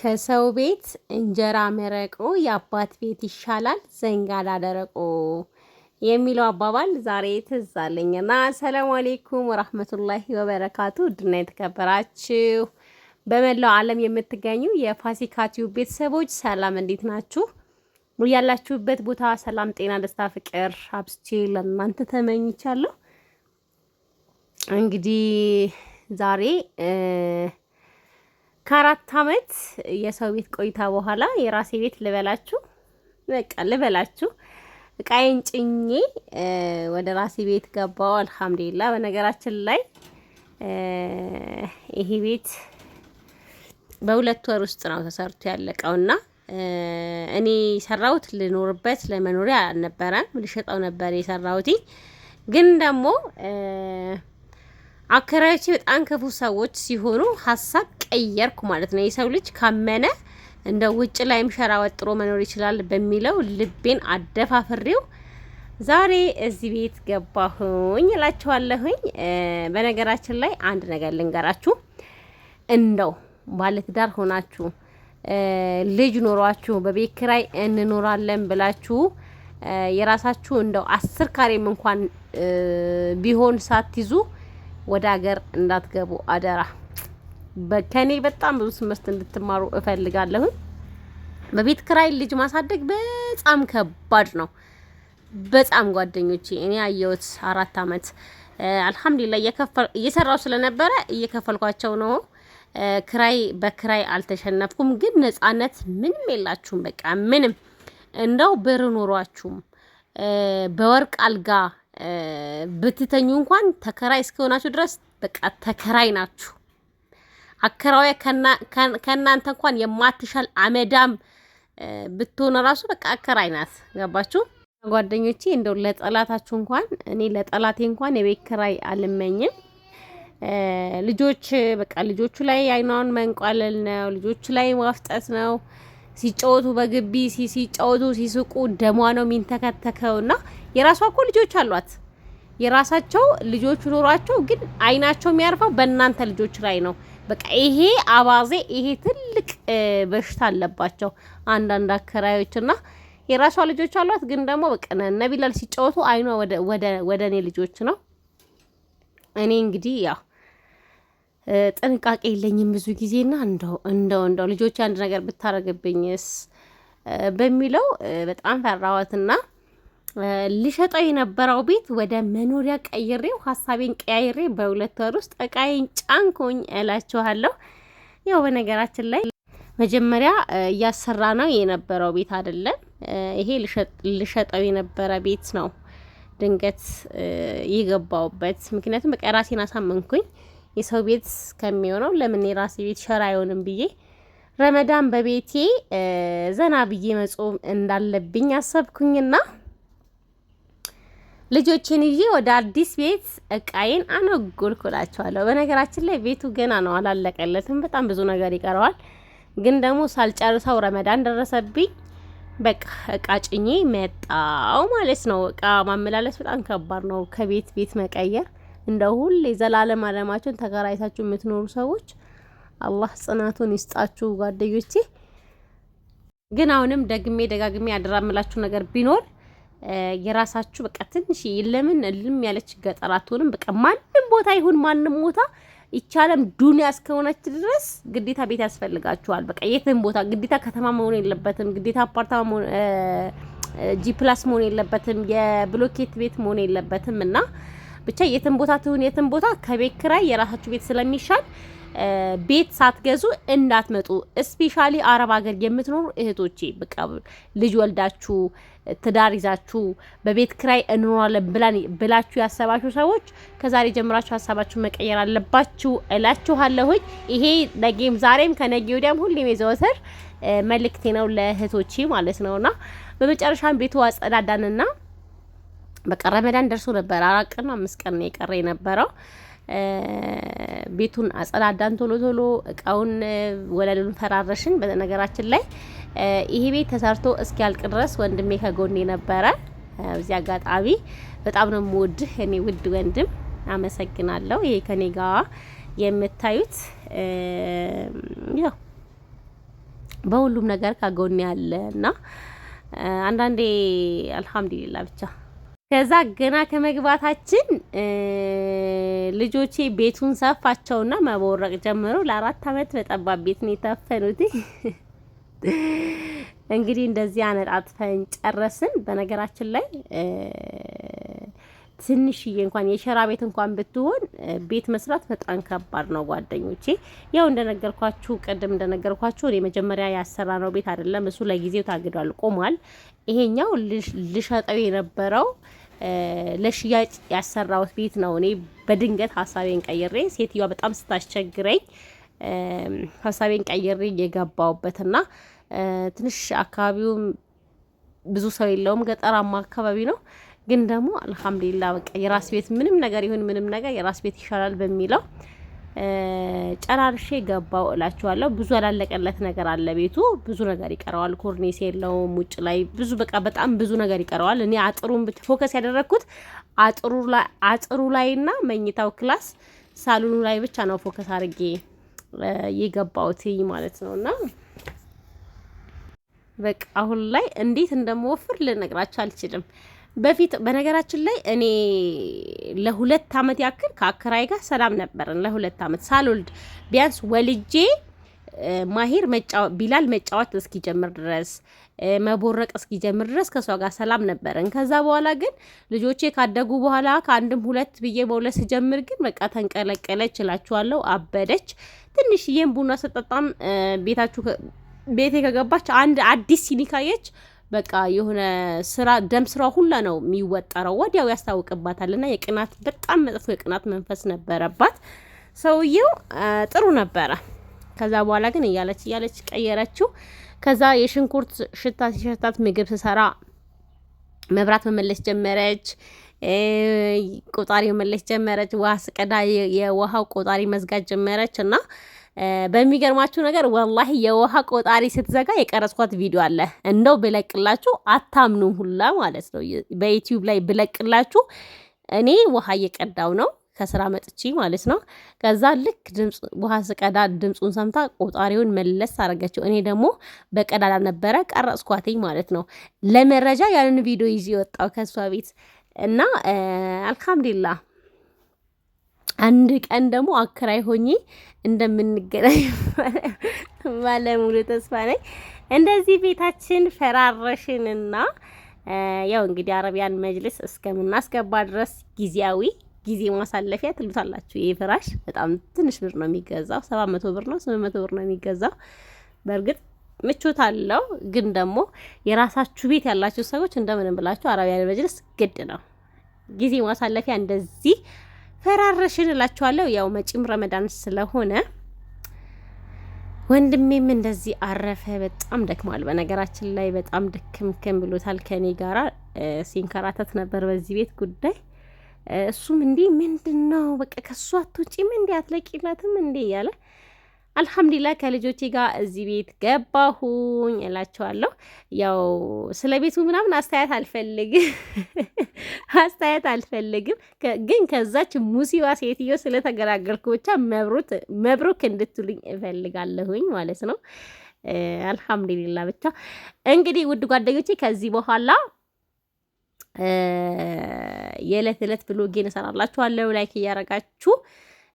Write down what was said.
ከሰው ቤት እንጀራ መረቆ የአባት ቤት ይሻላል ዘንጋዳ ደረቆ የሚለው አባባል ዛሬ ትዝ አለኝና፣ ሰላም አሌይኩም ወራህመቱላሂ ወበረካቱ። ውድና የተከበራችሁ በመላው ዓለም የምትገኙ የፋሲካ ቲዩብ ቤተሰቦች ሰላም፣ እንዴት ናችሁ? ያላችሁበት ቦታ ሰላም፣ ጤና፣ ደስታ፣ ፍቅር አብስቼ ለእናንተ ተመኝቻለሁ። እንግዲህ ዛሬ ከአራት አመት የሰው ቤት ቆይታ በኋላ የራሴ ቤት ልበላችሁ፣ በቃ ልበላችሁ እቃዬን ጭኜ ወደ ራሴ ቤት ገባው። አልሐምዱሊላ። በነገራችን ላይ ይሄ ቤት በሁለት ወር ውስጥ ነው ተሰርቶ ያለቀውና እኔ የሰራሁት ልኖርበት ለመኖሪያ አልነበረም፣ ልሸጠው ነበር የሰራሁት ግን ደግሞ አከራዮቼ በጣም ክፉ ሰዎች ሲሆኑ ሀሳብ ቀየርኩ ማለት ነው። የሰው ልጅ ካመነ እንደ ውጭ ላይም ሸራ ወጥሮ መኖር ይችላል በሚለው ልቤን አደፋፍሬው ዛሬ እዚህ ቤት ገባሁኝ እላችኋለሁኝ። በነገራችን ላይ አንድ ነገር ልንገራችሁ። እንደው ባለትዳር ሆናችሁ ልጅ ኖሯችሁ በቤት እንኖራለን ብላችሁ የራሳችሁ እንደው አስር ካሬም እንኳን ቢሆን ሳትይዙ ወደ ሀገር እንዳትገቡ አደራ። ከኔ በጣም ብዙ ትምህርት እንድትማሩ እፈልጋለሁኝ። በቤት ክራይ ልጅ ማሳደግ በጣም ከባድ ነው። በጣም ጓደኞቼ፣ እኔ አየሁት አራት አመት አልሐምዱሊላህ እየሰራው ስለነበረ እየከፈልኳቸው ነው። ክራይ በክራይ አልተሸነፍኩም፣ ግን ነጻነት ምንም የላችሁም። በቃ ምንም እንደው ብር ኖሯችሁም በወርቅ አልጋ ብትተኙ እንኳን ተከራይ እስከሆናችሁ ድረስ በቃ ተከራይ ናችሁ። አከራዊ ከእናንተ እንኳን የማትሻል አመዳም ብትሆነ ራሱ በቃ አከራይ ናት። ገባችሁ ጓደኞቼ? እንደው ለጠላታችሁ እንኳን እኔ ለጠላቴ እንኳን የቤት ክራይ አልመኝም። ልጆች በቃ ልጆቹ ላይ አይኗን መንቋለል ነው፣ ልጆቹ ላይ ማፍጠት ነው። ሲጫወቱ በግቢ ሲጫወቱ ሲስቁ ደሟ ነው የሚንተከተከውና የራሷ እኮ ልጆች አሏት። የራሳቸው ልጆች ኖሯቸው ግን አይናቸው የሚያርፈው በእናንተ ልጆች ላይ ነው። በቃ ይሄ አባዜ ይሄ ትልቅ በሽታ አለባቸው አንዳንድ አከራዮች እና የራሷ ልጆች አሏት። ግን ደግሞ በቃ ነቢላል ሲጫወቱ አይኗ ወደ እኔ ልጆች ነው። እኔ እንግዲህ ያው ጥንቃቄ የለኝም ብዙ ጊዜና እንደው እንደው እንደው ልጆች አንድ ነገር ብታደርግብኝስ በሚለው በጣም ፈራዋትና ልሸጠው የነበረው ቤት ወደ መኖሪያ ቀይሬው ሀሳቤን ቀያይሬ በሁለት ወር ውስጥ እቃዬን ጫንኩኝ እላችኋለሁ። ያው በነገራችን ላይ መጀመሪያ እያሰራ ነው የነበረው ቤት አይደለም፣ ይሄ ልሸጠው የነበረ ቤት ነው። ድንገት የገባውበት ምክንያቱም በቃ ራሴን አሳመንኩኝ። የሰው ቤት ከሚሆነው ለምን የራሴ ቤት ሸራ አይሆንም ብዬ ረመዳን በቤቴ ዘና ብዬ መጾም እንዳለብኝ አሰብኩኝና ልጆችን ይዤ ወደ አዲስ ቤት እቃዬን አነጎልኩላቸዋለሁ። በነገራችን ላይ ቤቱ ገና ነው፣ አላለቀለትም። በጣም ብዙ ነገር ይቀረዋል። ግን ደግሞ ሳልጨርሰው ረመዳን ደረሰብኝ። በቃ እቃ ጭኜ መጣው ማለት ነው። እቃ ማመላለስ በጣም ከባድ ነው፣ ከቤት ቤት መቀየር። እንደ ሁሌ ዘላለም አለማቸውን ተከራይታችሁ የምትኖሩ ሰዎች አላህ ጽናቱን ይስጣችሁ ጓደኞቼ። ግን አሁንም ደግሜ ደጋግሜ ያደራምላችሁ ነገር ቢኖር የራሳችሁ በቃ ትንሽ ለምን እልም ያለች ገጠር አትሆንም? በቃ ማንም ቦታ ይሁን ማንም ቦታ ይቻለም ዱንያ እስከሆነች ድረስ ግዴታ ቤት ያስፈልጋችኋል። በቃ የትም ቦታ ግዴታ ከተማ መሆን የለበትም። ግዴታ አፓርታማ መሆን ጂ ፕላስ መሆን የለበትም። የብሎኬት ቤት መሆን የለበትም እና ብቻ የትም ቦታ ትሁን የትም ቦታ ከቤት የራሳችሁ ቤት ስለሚሻል ቤት ሳትገዙ እንዳትመጡ። እስፔሻሊ አረብ ሀገር የምትኖሩ እህቶቼ በቃ ልጅ ወልዳችሁ ትዳር ይዛችሁ በቤት ክራይ እንኖራለን ብላን ብላችሁ ያሰባችሁ ሰዎች ከዛሬ ጀምራችሁ ሀሳባችሁ መቀየር አለባችሁ እላችኋለሁኝ። ይሄ ነጌም ዛሬም ከነጌ ወዲያም ሁሌም የዘወትር መልእክቴ ነው ለእህቶቼ ማለት ነውና በመጨረሻም ቤቱ አጸዳዳንና በቃ ረመዳን ደርሶ ነበር። አራት ቀን አምስት ቀን የቀረ የነበረው ቤቱን አጸዳዳን፣ ቶሎ ቶሎ እቃውን ወለሉን ፈራረሽን። በነገራችን ላይ ይሄ ቤት ተሰርቶ እስኪያልቅ ድረስ ወንድሜ ከጎኔ ነበረ። በዚህ አጋጣሚ በጣም ነው የምወድህ እኔ ውድ ወንድም፣ አመሰግናለሁ። ይሄ ከኔ ጋር የምታዩት ያው በሁሉም ነገር ከጎኔ ያለ እና አንዳንዴ አልሐምዱሊላ ብቻ ከዛ ገና ከመግባታችን ልጆቼ ቤቱን ሰፋቸውና መቦረቅ ጀምሮ ለአራት አመት በጠባብ ቤት ነው የታፈኑት። እንግዲህ እንደዚህ አነጣጥፈን ጨረስን። በነገራችን ላይ ትንሽዬ እንኳን የሸራ ቤት እንኳን ብትሆን ቤት መስራት በጣም ከባድ ነው ጓደኞቼ። ያው እንደነገርኳችሁ ቅድም እንደነገርኳችሁ እኔ መጀመሪያ ያሰራ ነው ቤት አይደለም እሱ ለጊዜው ታግዷል፣ ቆሟል። ይሄኛው ልሸጠው የነበረው ለሽያጭ ያሰራሁት ቤት ነው። እኔ በድንገት ሀሳቤን ቀይሬ ሴትዮዋ በጣም ስታስቸግረኝ ሀሳቤን ቀይሬ የገባሁበትና ትንሽ አካባቢውም ብዙ ሰው የለውም ገጠራማ አካባቢ ነው። ግን ደግሞ አልሐምዱሊላ በቃ የራስ ቤት ምንም ነገር ይሁን ምንም ነገር የራስ ቤት ይሻላል በሚለው ጨራርሼ ገባው እላችኋለሁ። ብዙ ያላለቀለት ነገር አለ። ቤቱ ብዙ ነገር ይቀረዋል። ኮርኒስ የለውም። ውጭ ላይ ብዙ በቃ በጣም ብዙ ነገር ይቀረዋል። እኔ አጥሩን ብቻ ፎከስ ያደረግኩት አጥሩ ላይና መኝታው ክላስ፣ ሳሎኑ ላይ ብቻ ነው ፎከስ አድርጌ የገባውት ማለት ነው እና በቃ አሁን ላይ እንዴት እንደምወፍር ልነግራችሁ አልችልም። በፊት በነገራችን ላይ እኔ ለሁለት አመት ያክል ከአከራይ ጋር ሰላም ነበርን። ለሁለት አመት ሳልወልድ ቢያንስ ወልጄ ማሄር ቢላል መጫወት እስኪጀምር ድረስ መቦረቅ እስኪጀምር ድረስ ከእሷ ጋር ሰላም ነበረን። ከዛ በኋላ ግን ልጆቼ ካደጉ በኋላ ከአንድም ሁለት ብዬ መውለድ ስጀምር ግን በቃ ተንቀለቀለች እላችኋለሁ፣ አበደች። ትንሽዬም ቡና ስጠጣም ቤታችሁ ቤቴ ከገባች አንድ አዲስ ሲኒካየች በቃ የሆነ ስራ ደም ስራ ሁላ ነው የሚወጠረው፣ ወዲያው ያስታውቅባታል። እና የቅናት በጣም መጥፎ የቅናት መንፈስ ነበረባት። ሰውየው ጥሩ ነበረ። ከዛ በኋላ ግን እያለች እያለች ቀየረችው። ከዛ የሽንኩርት ሽታ ሲሸታት ምግብ ስሰራ መብራት መመለስ ጀመረች። ቆጣሪ መመለስ ጀመረች። ውሃ ስቀዳ የውሃው ቆጣሪ መዝጋት ጀመረች እና በሚገርማችሁ ነገር ወላሂ የውሃ ቆጣሪ ስትዘጋ የቀረጽኳት ቪዲዮ አለ። እንደው ብለቅላችሁ አታምኑም ሁላ ማለት ነው። በዩቲዩብ ላይ ብለቅላችሁ እኔ ውሃ እየቀዳው ነው ከስራ መጥቼ ማለት ነው። ከዛ ልክ ውሃ ስቀዳ ድምፁን ሰምታ ቆጣሪውን መለስ አደረገችው። እኔ ደግሞ በቀዳዳ ነበረ ቀረጽኳትኝ ማለት ነው። ለመረጃ ያንን ቪዲዮ ይዤ ወጣው ከእሷ ቤት እና አልሐምዱሊላህ አንድ ቀን ደግሞ አከራይ ሆኜ እንደምንገናኝ ባለሙሉ ተስፋ ነኝ። እንደዚህ ቤታችን ፈራረሽንና ያው እንግዲህ አረቢያን መጅልስ እስከምናስገባ ድረስ ጊዜያዊ ጊዜ ማሳለፊያ ትሉታላችሁ። ይህ ፍራሽ በጣም ትንሽ ብር ነው የሚገዛው፣ ሰባት መቶ ብር ነው ስምንት መቶ ብር ነው የሚገዛው። በእርግጥ ምቾት አለው፣ ግን ደግሞ የራሳችሁ ቤት ያላችሁ ሰዎች እንደምንም ብላችሁ አረቢያን መጅልስ ግድ ነው ጊዜ ማሳለፊያ እንደዚህ ፈራረሽን እላችኋለሁ። ያው መጪም ረመዳን ስለሆነ ወንድሜም እንደዚህ አረፈ። በጣም ደክሟል። በነገራችን ላይ በጣም ድክምክም ብሎታል። ከኔ ጋራ ሲንከራተት ነበር በዚህ ቤት ጉዳይ። እሱም እንዲህ ምንድን ነው በቃ ከሷ አትውጪም እንዲህ እንዲህ እያለ አልሐምዱሊላ ከልጆቼ ጋር እዚህ ቤት ገባሁኝ እላቸዋለሁ። ያው ስለ ቤቱ ምናምን አስተያየት አልፈልግም አስተያየት አልፈልግም፣ ግን ከዛች ሙሲዋ ሴትዮ ስለተገላገልኩ ብቻ መብሩክ እንድትሉኝ እፈልጋለሁኝ ማለት ነው። አልሐምዱሊላ ብቻ እንግዲህ ውድ ጓደኞቼ ከዚህ በኋላ የዕለት ዕለት ብሎጌን እሰራላችኋለሁ ላይክ እያረጋችሁ